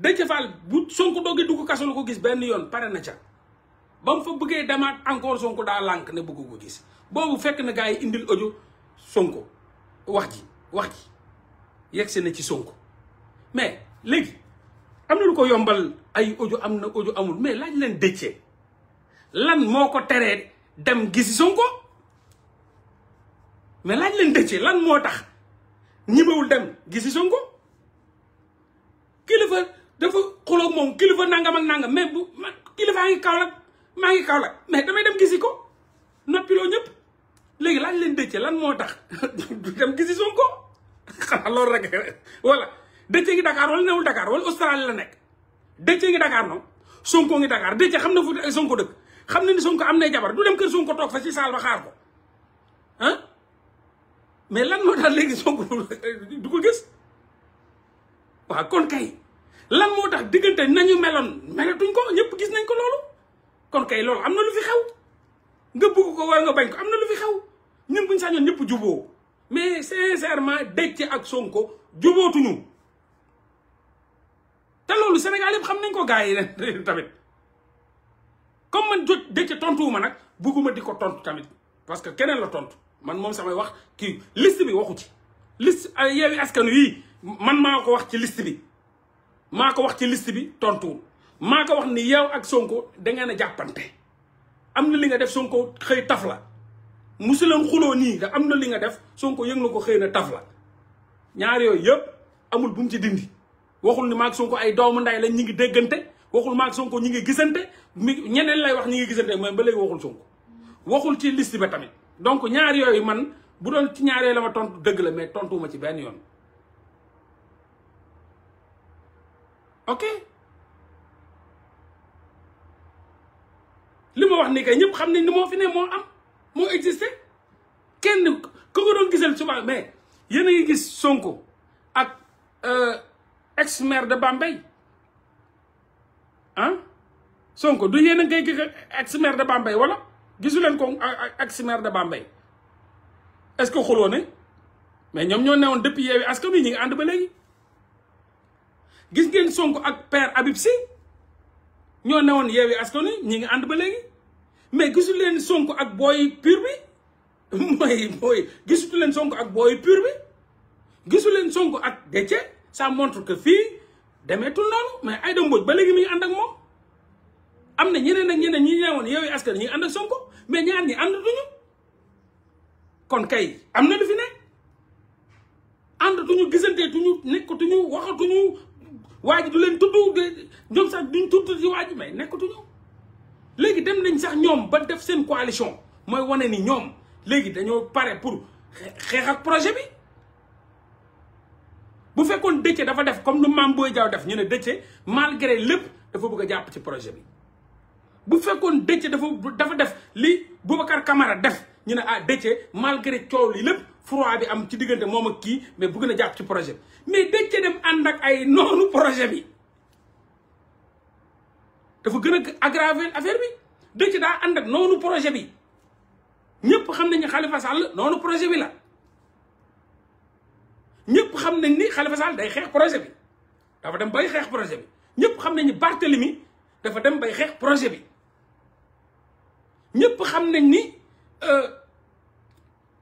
Déthié Fall bu Sonko doggee dugg kaso ko gis benn yoon pare na ca ba mu fa bëggee demaat encore Sonko daa lànk ne bëgg ko gis boobu fekk na gars yi indil ojo Sonko wax ji wax ji yegsi na ci Sonko mais léegi am na lu ko yombal ay ojo am na ojo amul mais laaj leen Déthié lan moo ko teree dem gisi Sonko mais laaj leen Déthié lan moo tax ñimewul dem gisi Sonko kilifa dafa xuloog moom kilifa nangam ak nangam mais bu ma kilifaa ngi Kaolack maa ngi Kaolack mais damay dem gisi ko noppiloo ñëpp léegi laaj leen dëcce lan moo tax du dem gisi Sonko xanaa loolu rek voilà dëcce ngi Dakar wala newul Dakar wala Australie la nekk dëcce ngi Dakar noonu Sonko ngi Dakar dëcce xam na fu Sonko dëkk xam ne ni Sonko am nay jabar du dem kër Sonko toog fa ci saal ba xaar ko ah mais lan moo tax léegi Sonko du ko gis waaw kon kay lan moo tax diggante nañu melon melatuñ ko ñëpp gis nañ ko loolu kon kay loolu amna lu fi xew nga bëgg ko war nga bañ ko amna lu fi xew ñun buñ sañoon ñëpp jubo mais sincèrement dëcc ak Sonko tuñu té loolu Sénégal yëpp xam nañ ko gaay yi ren tamit comme man jot dëcc tontuwuma nag bugguma di tontu tamit parce que kenen la tontu man mom samay wax ki liste bi waxu ci liste yewi askanu yi man mako wax ci liste bi maa ko wax ci list bi tontuwul maa ko wax ni yow ak Sonko dangeen ngeen a jàppante am na li nga def Sonko xëy taf la musu leen xuloo nii am na li nga def Sonko yëg na ko xëy na taf la ñaar yooyu yëpp amul bu mu ci dindi waxul ni maag Sonko ay doomu nday lañ ñi ngi déggante waxul maag Sonko ñi ngi gisante mi ñeneen lay wax ñi ngi gisante mooy ba lay waxul Sonko waxul ci liste ba tamit donc ñaar yooyu man bu doon ci ñaar yooyu la ma tont dëgg la mais tontuwuma ci benn yoon ok li ma wax ni kay ñëpp xam nañ ni moo fi ne moo am moo existé kenn ku ko doon gisal souvent mais yéen a ngi gis Sonko ak euh, ex maire de Bambey ah Sonko du yéen a ngay gis ex maire de Bambey wala gisu leen ko ex maire de Bambey est-ce que xuloo ne mais ñoom ñoo newoon depuis Yewwi Askan Wi ñu ngi ànd ba léegi. gis ngeen Sonko ak per Habib Sy ñoo newoon yeewi askan wi ñi ngi ànd ba léegi mais gisul leen Sonko ak booy pur bi mooy mooy gisutu leen Sonko ak booy pur bi leen Sonko ak Déthié ça montre que fii demeetul noonu mais Aïda Mbodj ba léegi mi ànd ak moom am na ñeneen ak ñeneen ñi newoon yeewi askan ñi ngi ànd ak Sonko mais ñaar ngi ànd duñu kon kay am na lu fi ne ànd duñu gisantee tuñu nekkatuñu ñu waa vous du leen tudd ñoom sax duñ Ne ci waa may mais nekkatuñu dem nañ sax ñom ba def sen coalition moy woné ni ñom dit dañoo paré pour ak projet bi bu dafa def comme lu Mame def ñu ne malgré lepp dafa bëgg japp ci projet bi bu fekkoon Déthié dafa dafa def li Boubacar Camara def ñu ne ah Déthié malgré coow li lépp froid bi am ci diggante moom ak kii mais bugg na jàpp ci projet bi mais Déthié dem ànd ak ay noonu projet bi dafa gën a aggraver affaire bi Déthié daa ànd ak noonu projet bi ñëpp xam nañ ne Khalifa Sall noonu projet bi la ñëpp xam nañ ni Khalifa Sall day xeex projet bi dafa dem bay xeex projet bi ñëpp xam nañ ni Barthélemy dafa dem bay xeex projet bi ñëpp xam nañ ni euh,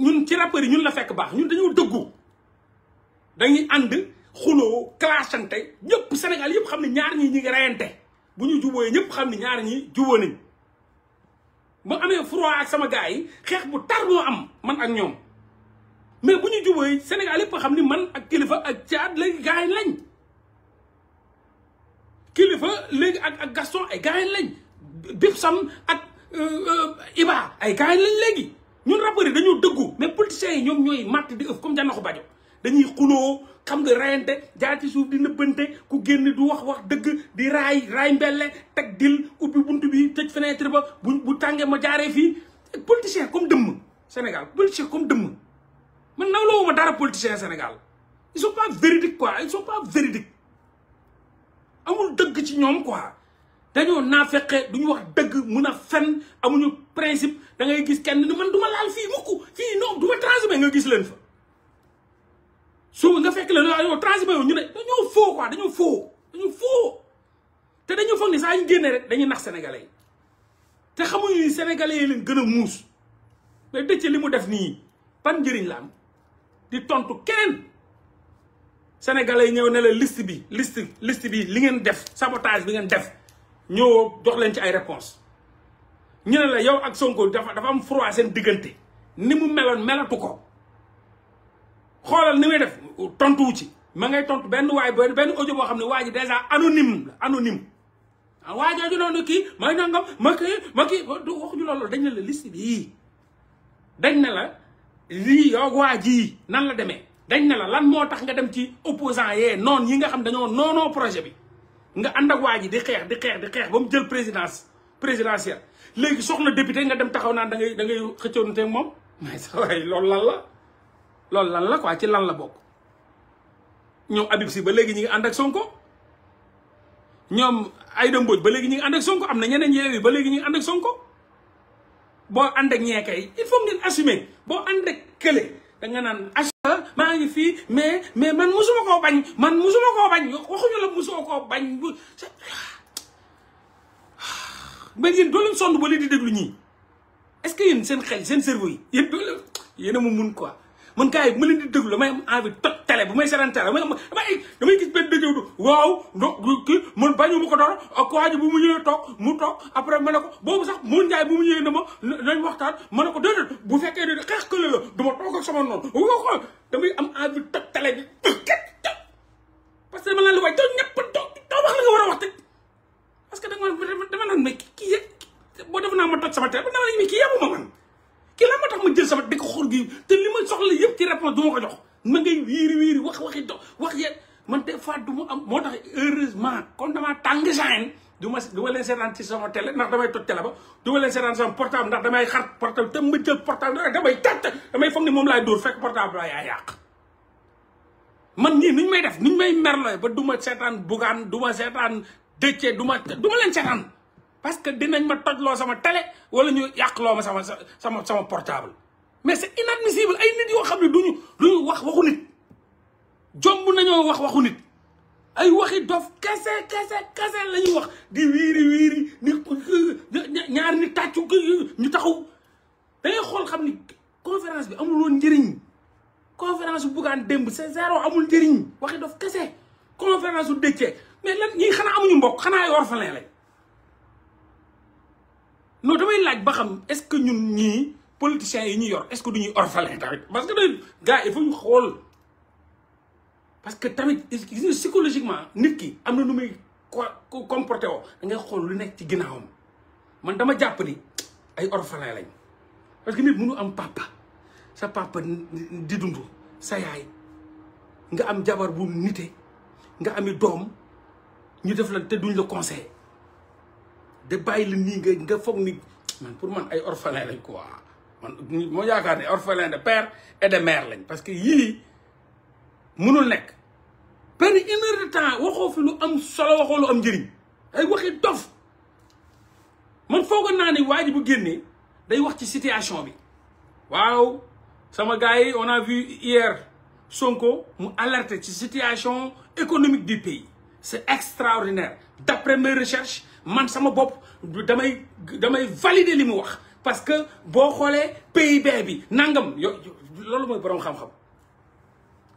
ñun ci rappeurs ñun la fekk baax ñun dañoo dëggu dañuy ànd xuloo clashante ñëpp Sénégal yëpp xam ne ñaar ñi ñi ngi reyante bu ñu jubooyee ñëpp xam ne ñaar ñi juboo nañ ma amee froid ak sama gars yi xeex bu tar moo am man ak ñoom mais bu ñu jubooyee Sénégal yëpp xam ne man ak kilifa ak caat léegi gars yi lañ kilifa léegi ak ak Gaston ay gars yi lañ sam ak euh, euh, Iba ay gars lañ léegi ñu ñun rappeurs yi dañoo dëggu mais politiciens yi ñoom ñooy matt di ëf comme jànnaxu bajo dañuy xuloo xam nga rayante jaar ci suuf di nëbbante ku génn du wax wax dëgg di raay raay mbelle teg dil ubbi bunt bi tëj fenêtre ba bu bu tàngee ma jaaree fii politicien comme dëmm Sénégal politicien comme dëmm man nawloo ma dara politicien Sénégal ils sont pas véridiques quoi ils sont pas véridiques amul dëgg ci ñoom quoi dañoo naa du duñu wax dëgg mun a fen amuñu principe da ngay gis kenn ni man du ma laal fii mukk fii non du ma transhumé nga gis leen fa suba nga fekk leen yow transhumé yow ñu ne dañoo faux quoi dañoo faux dañoo faux te dañoo foog ni saa ñu génnee dañuy nax sénégalais yi te xamuñu ni sénégalais yi leen gën a muus mais dëcc li mu def nii ban njëriñ la am di tontu keneen sénégalais yi ñëw ne la liste bi list liste bi li ngeen def sabotage bi ngeen def ñoo jox leen ci ay réponse ñu ne la yow ak Sonko dafa dafa am froid seen diggante ni mu meloon melatu ko xoolal ni muy def tontuwu ci ma ngay tontu benn waay benn benn boo xam ne waa ji déjà anonyme la anonyme ah waa jooju noonu kii may nangam ma kii ma kii waxuñu loolu dañ ne la liste bii dañ ne la lii yow waa ji nan la demee dañ ne la lan moo tax nga dem ci opposant yee noon yi nga xam dañoo noonoo projet bi nga and ak waji di xex di xex di xex bam jël présidence présidentielle légui soxna député nga dem taxaw na da ngay da ngay xëccoonte ak moom mais sa way lool lan la lool lan la quoi ci lan la bok ñom abib si ba légui ñi ngi ànd ak Sonko ñom ay dem boj ba légui ñi ngi ànd ak Sonko amna ñeneen yewi ba légui ñi ngi ànd ak Sonko bo and ak ñe kay il faut ngeen assumer bo and ak kele da nga naan maa ngi fii mais mais man musuma koo bañ man musuma koo bañ waxuñu la musoo koo bañ bu mais yéen doo leen sonn ba leen di déglu ñii est-ce que yéen seen xel seen cerveau yi yéen doo leen yéen a mu mun quoi man gars yi ma leen di déglu am envie toj télé bu may seetaan télé damay damay gis benn dëgëw du waaw donc kii man bañu ma ko dara ak waa bu mu ñëwee toog mu toog après ma ne ko boobu sax mun njaay bu mu ñëwee ne ma nañ waxtaan ma ne ko déedéet bu fekkee ne xeex kële la du ma toog ak sama noonu waaw damay am envie nanti ci sama télé ndax damay telebo télé ba du ma leen seetaan sama portable ndax damay xar portable te ma portable rek damay tàtt damay foog ni moom laay dóor portable ya yaak yàq man ni nuñ may def nuñ may merlooy ba du ma seetaan bugaan du ma seetaan dëcce du ma du parce que dinañ ma sama télé wala ñu yàqloo sama sama sama portable mais c'est inadmissible ay nit yoo xam ne duñu duñu wax waxu nit wax waxu nit ay waxi dof kese kese kese la ñuy wax di wiiri wiiri ni ñaar ni tàccu ñu taxaw dangay xool xam ni conférence bi amul woon njëriñ conférence bu buggaan démb c'est amul njëriñ waxi dof kese conférence bu dëccee mais lan ñi xanaa amuñu mbokk xanaa ay orphelin lañ non damay laaj ba xam est-ce que ñun ñii politiciens yi ñu yor est-ce que du ñuy orphelin tamit parce que day gars il faut ñu xool parce que tamit psychologiquement nit ki am na nu muy comporté woo da ngay xool lu nekk ci ginnaawam man dama jàpp ni ay orphelin lañ parce que nit mënu am papa sa papa di dund sa yaay nga am jabar bu nite nga ami doom ñu def la te duñ la conseil de bàyyi la nii nga nga foog ni man pour man ay orphelin lañ quoi man moo yaakaar ne orphelin de père et de mère lañ parce que yii munul nek benn une heure de temps waxo fi lu am solo waxo lu am njëriñ ay waxi dof man foko nani ne bu génnee day wax ci situation bi waaw sama gars yi on a vu hier Sonko mu alerter ci situation économique du pays c'est extraordinaire d'après mes recherches man sama bop damay damay valider limu wax parce que bo xolé PIB bi nangam yo moy borom xam-xam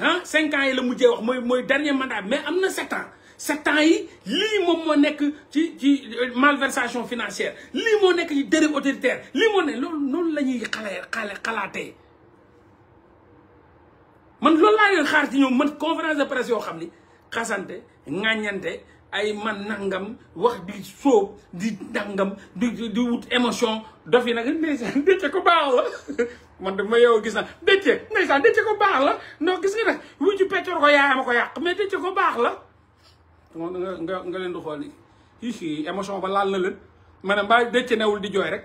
ah cinq ans yi la mujjee wax mooy mooy dernier mandat mais am na sept ans sept ans yi lii moom moo nekk ci ci euh, malversation financier lii moo nekk ci dérive autoritaire lii moo ne loolu loolu la ñuy xale xale xalaatee man loolu laa leen xaar ci ñoom man conférence de presse xam ni xasante ŋàññante ay man nangam wax di sóob di nangam di di wut émotion dof yi nag ndeysaan dëcce ko baax la man dama yow gis na dëcce ndeysaan dëcce ko baax la non gis nga nag wuju peccoor ko yaayam a ko yàq mais dëcce ko baax la nga nga leen du xool yi si émotion ba laal na leen maanaam mbaa dëcce newul di jooy rek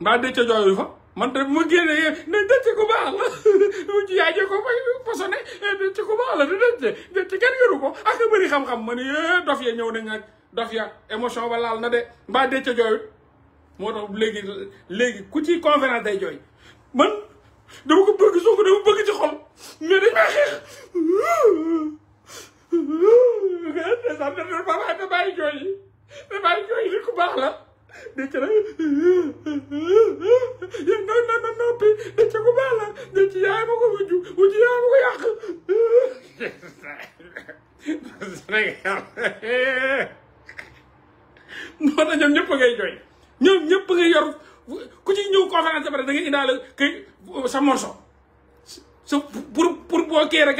mbaa dëcce jooyul fa man tamit mu génnee ne denc ku baax la mu ko may posone eh, denc ku baax la denc kenn yoru ko ak a bëri xam-xam ma ne eh, dof ya ñëw nañ ak dof ya émotion ba laal na de mbaa denc jooyut moo tax léegi léegi ku ci conférence day jooy man dama ko bëgg soo ko dama bëgg ci xol mais dañ maa xeex ndeysaan da jooy da bàyyi jooy li ku baax la denc na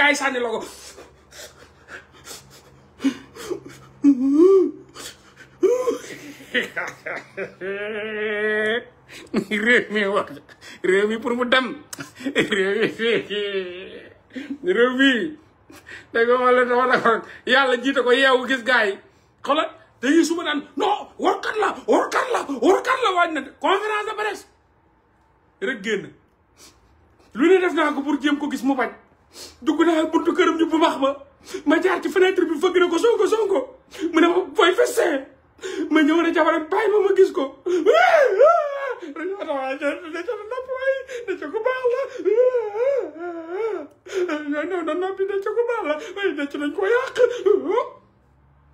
gars yi logo. la ko réew mi Remi. Remi. mi pour mu malam, réew mi réew mi da nga wala dafa dafa yàlla jiite ko yeewu gis gars yi xoolal dañuy suba naan non warkat la warkat la warkat la waaj conférence de presse rek lu def naa ko pour jéem ko gis mu bañ duguna hal buntu këram ñu bu baax ma ma jaar ci fenêtre bi fëgg na ko sonko sonko mu ne ma fooy festin ma ñëw na jabaram bàyyi ma ma gis ko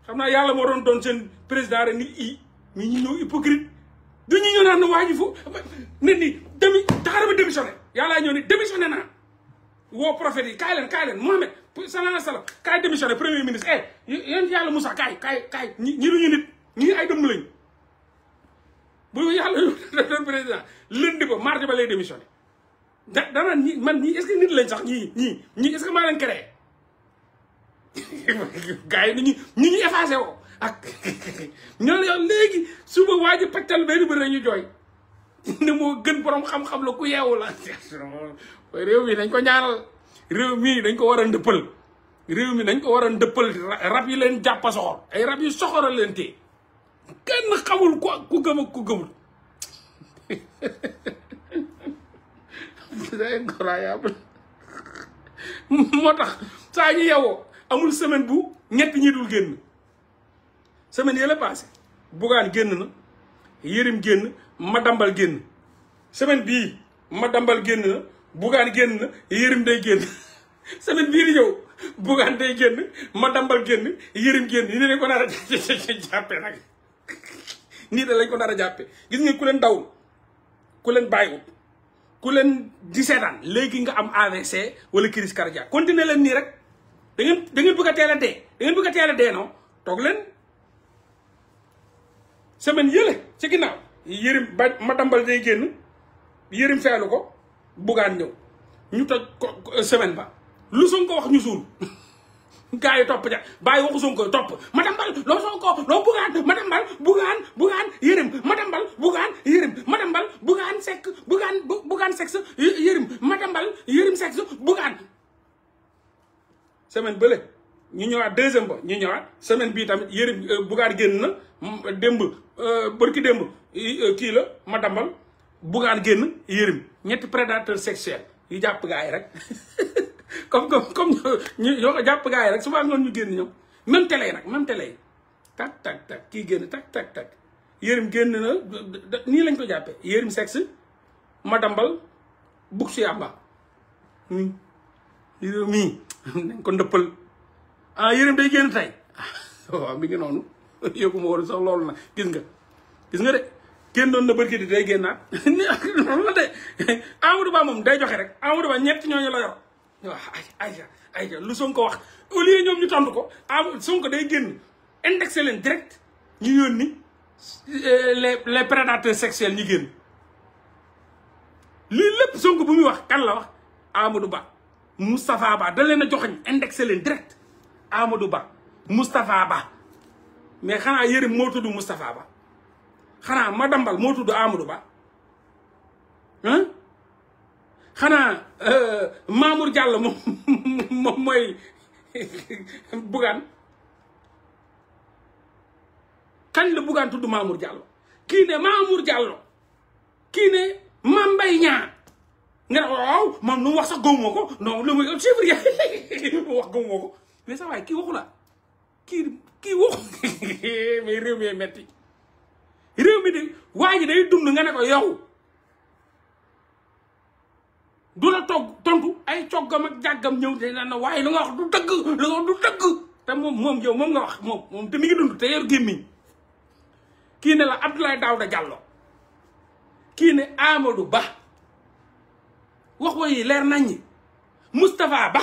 xam naa yàlla moo doon doon seen ni i mi ñu ñëw hypocrite du ñu ñëw naan na fu ne ni demi taxara ba démissionné yàllaa ñëw ne démissionné naa woo prophète yi kaay leen kaay leen Mohamed sallallahu alayhi wasallam kaay démissionné premier ministre eh yéen yàlla Moussa kaay kaay kaay ñi ñi duñu nit ñi ay dëmm lañ bu yàlla doon président lundi ba mardi ba lay démissionné da dana ñi man ñii est-ce que nit lañ sax ñii ñii ñii est-ce que maa leen créé gars yi ni ñu ñi ñu effacé woo ak ñoo yow léegi suba waa ji paccal benn bër ñu jooy ne moo gën borom xam-xam la ku yeewu la réew mi dañ ko ñaanal réew mi dañ ko war a ndëppal réew mi dañ ko war a ndëppal rab yi leen jàppa soxor ay rab yu soxora leen tee kenn xamul ko ku gëm ak ku gëmul c'est moo tax saa ñu yewoo amul semaine bu ñett ñi dul génn semaine yële passé bugaan génn na yërim génn ma dambal génn semaine bii ma dambal génn na bugaan génn na yërim day génn semaine bii di ñëw bugaan day génn ma dambal génn yërim génn nii lañ ko nar a jàppee nag nii da lañ ko nar a jàppee gis nga ku leen dawul ku leen bàyyiwul ku leen di seetaan léegi nga am AVC wala crise cardiaque continuer leen nii rek da ngeen da ngeen a teel a dee da ngeen bëgg a dee non toog leen semaine yële ci ginnaaw yërim ba matambal day génn yërim feelu ko buggaan ñëw ñu toj ko euh, semaine ba lu Sonko wax ñu suul gars yi topp ja bàyyi waxu Sonko topp Madiambal loo Sonko loo buggaan Madiambal buggaan buggaan yërim Madiambal buggaan yërim Madiambal buggaan sekk buggaan buggaan sexe yërim Madiambal yërim sexe buggaan semaine bële ñu ñëwaat deuxième ba ñu ñëwaat semaine bii tamit yërim euh, buggaan génn na démb Euh, bërki démb euh, kii la ma dambal buggaan génn yërim ñetti prédateur sexuel yu jàpp gaa yi rek comme comme ñoo ko jàpp gaa yi rek souvent ñoon ñu génn ñoom même télé yi nag même télé yi tak tak tak kii génn tak tak tak yërim génn na nii lañ ko jàppee yërim sexe ma dambal bug su yàmba mi mii nañ ko ndëppal ah yërim day génn tey waaw mi ngi noonu yëgu ma woon sax loolu nag gis nga gis nga de kenn doon na bërki di day génnaat noonu la de Amadou moom day joxe rek Amadou Ba ñett ñooñu la yor lu Sonko wax au lieu ñoom ñu ko Amadou Sonko day génn indexé leen direct ñu yónni euh, les les prédateurs sexuels ñu génn lii lépp bu muy wax kan la wax Amadou Ba Moustapha Ba da leen a joxoñ indexé leen direct Amadou Ba Moustapha Ba mais xanaa Yérim moo tudd Moustapha Ba xanaa Madambal moo tudd Amadou Ba ah xanaa euh, Mamour Diallo moom mooy Bougane kan la Bougane tudd Mamour Diallo kii ne Mamour Diallo kii ne Mame nga ne waaw moom lu mu wax sax gëmuma ko non lu muy suivre ko mais sa waay kii waxu la kii kii waxu mais réew mi metti réew mi de waa ji day dund nga ne ko yow du la togg tontu ay coggam ak jàggam ñëw te naan na waaye lu nga wax du dëgg lu nga wax du dëgg te moom moom yow moom nga wax moom moom te mi ngi dund te yor gémmiñ kii ne la Abdoulaye Daouda Diallo kii ne Amadou Ba wax wa yi leer nañ ñi Moustapha Ba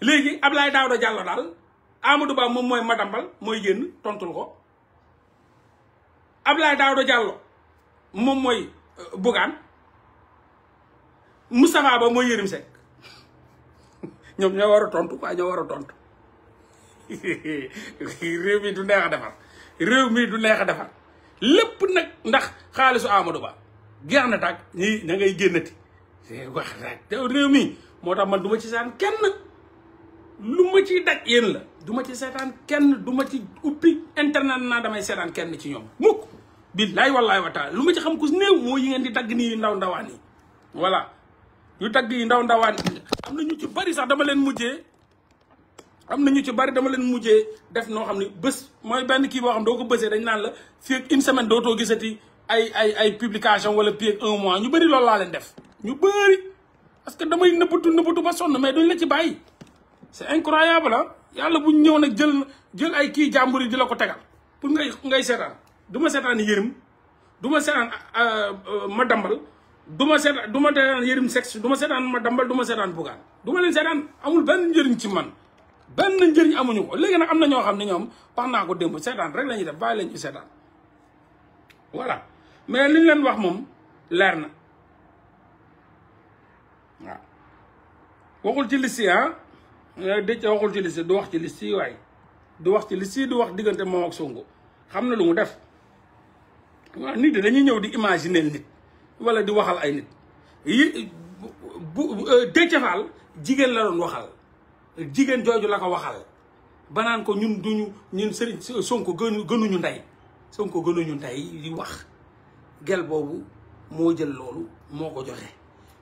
léegi Abdoulaye Daouda Diallo daal Amadou Ba moom mooy madambal mooy génn tontul ko Abdoulaye Daouda Diallo moom mooy euh, Bougane Moustapha Ba mooy Yérim Seck ñoom ñoo war a tontu quoi ñoo war a tontu réew mi du neex a defar réew mi du neex a defar lépp nag ndax xaalisu Amadou Ba geex na tàkk ñi da ngay génnati eh, wax rek réew mi moo tax man du ma ci saan kenn lu ma ciy daj yéen la du ma ci seetaan kenn du ma ci uppi internet naa damay seetaan kenn ci ñoom mukk billaay wallaay wa taala lu ma ci xam ku néew moo yi ngeen di dagg nii yu ndaw ndawaan yi voilà ñu dagg yi ndaw ndawaan am na ñu ci bari sax dama leen mujjee am na ñu ci bari dama leen mujjee def noo xam ne bés mooy benn kii boo xam doo ko bësee dañ naan la fii ak une semaine dootoo gisati ay ay ay publication wala fii ak un mois ñu bëri loolu laa leen def ñu bëri parce que damay nëbbatu nëbbatu ba sonn mais duñ la ci bàyyi c'est incroyable yalla bu ñew nak jël jël ay ki jamburi di la ko tegal pour ngay ngay seetaan duma ma seetaan duma du euh seetaan ma dambal duma ma duma du ma sex duma sexe ma dambal duma bugal duma len amul ben njëriñ ci man ben njëriñ amuñu ko légui nak amna ño xamni ñom parna ko demb seetaan rek la def bay la voilà mais liñ len wax mom lérna waxul ci Eh, dëcc waxul ci liste du wax ci liste yi du wax ci liste yi du wax diggante moom ak Sonko xam na lu mu def waaw nit dañuy ñëw di imaginer nit wala di waxal ay nit yi bu eh, Déthié jigéen la doon waxal jigéen jooju la ko waxal banaan ko ñun duñu ñun sëriñ Sonko gënu gënuñu ndey Sonko gënuñu ndey di wax gel boobu moo jël loolu moo ko joxe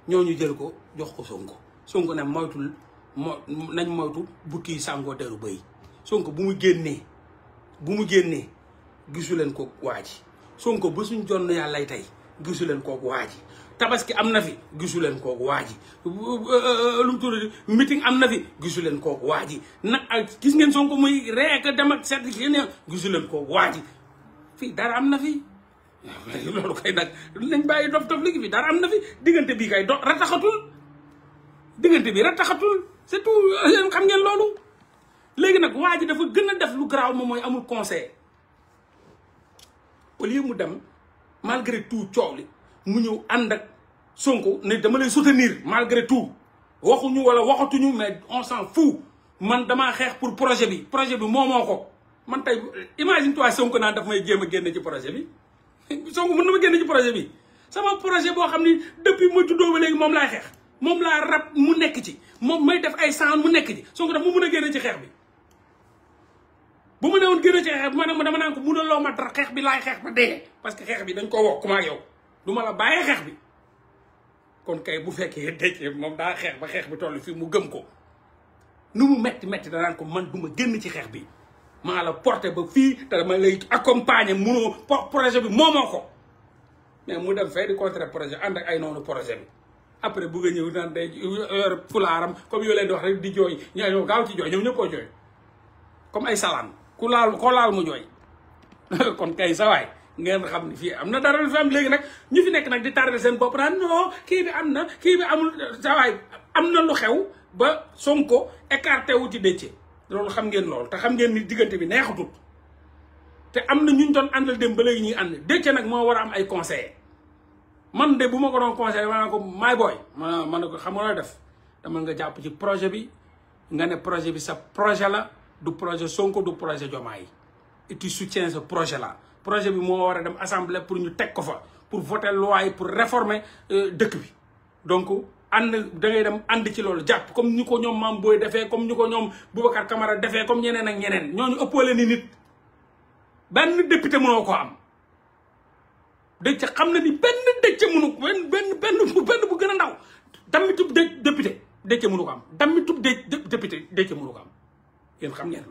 ñu jël ko jox ko Sonko Sonko ne moytul mo nañ moytu bukki yi sàngoo deru bëy Sonko bu mu génnee bu mu génnee gisu leen ko waa ji Sonko ba suñ jonn yàllay tey gisu leen kooku waa ji tabaski am na fi gisu leen kooku waa ji lu mu tudd am na fi gisu leen kooku waa ji nag ak gis ngeen Sonko muy rek dem ak set génne gisu leen kooku waa dara am na fi loolu kay nag nañ bàyyi dof dof ligi fi dara am na fi diggante bi kay do rataxatul diggante bi rataxatul c'est tout yéen euh, xam ngeen loolu léegi nag waa ji dafa gën a def lu garaaw moom mooy amul conseil au lieu mu dem malgré tout coow li mu ñëw ànd ak Sonko ne dama lay soutenir malgré tout waxuñu wala waxatuñu mais on s'en fout man damaa xeex pour projet bi projet bi moomoo ko man tey imagine toi Sonko naan daf may jéem a génn ci projet bi Sonko mën na ma génn ci projet bi sama projet boo xam ni depuis ma juddoo ba léegi moom laa xeex moom laa rab mu nekk ci moom may def ay saan mu nekk ji Sonko daf ma a génne ci xeex bi bu mu ne woon génne ci xeex bi ma ne ma naan ko mënaloo ma dara xeex bi laay xeex ba dee parce que xeex bi dañ ko wokk ma ak du ma la bàyyee xeex bi kon kay bu fekkee dëcc moom daa xeex ba xeex bi toll fii mu gëm ko nu mu metti metti danaan ko man duma génn ci xeex bi maa la porté ba fii te ma lay accompagner munoo projet bi moomoo ko mais mu dem fay di contre projet ànd ay noonu projet bi après bëgg a ñëw naan day yor fulaaram comme yoo leen di rek di jooy ñoo gaaw ci jooy ñoom koo jooy comme ay salaan ku laal koo laal mu jooy kon kay sa ngeen xam ne fii am na dara lu fi am léegi nag ñu fi nekk nag di tardé seen bopp naan non kii bi am na kii bi amul sa waay am na lu xew ba Sonko écarté wu ci dëcce loolu xam ngeen loolu te xam ngeen ni diggante bi neexatul te am na ñu doon àndal dem ba léegi ñuy ànd dëcce nag moo war a am ay conseillers. man de bu ko don conseil ma ko my boy ma ma ko xam nga def dama nga japp ci projet bi nga ne projet bi sa projet la du projet Sonko du projet Diomaye et tu soutiens ce projet là projet bi mo wara dem assemblée pour ñu tek ko fa pour voter loi yi pour réformer euh, dëkk bi donc and da ngay dem and ci lolu japp comme ñuko ñom mam boy defé comme ñuko ñom Boubacar Camara defé comme ñeneen ak ñeneen ni nit ben député am dëcc xam na ni benn dëcc mënu benn benn benn benn bu gën a ndaw dammitub dé député dëcc mënu ko am dammitub dé député dëcc mënu ko am yéen xam ngeen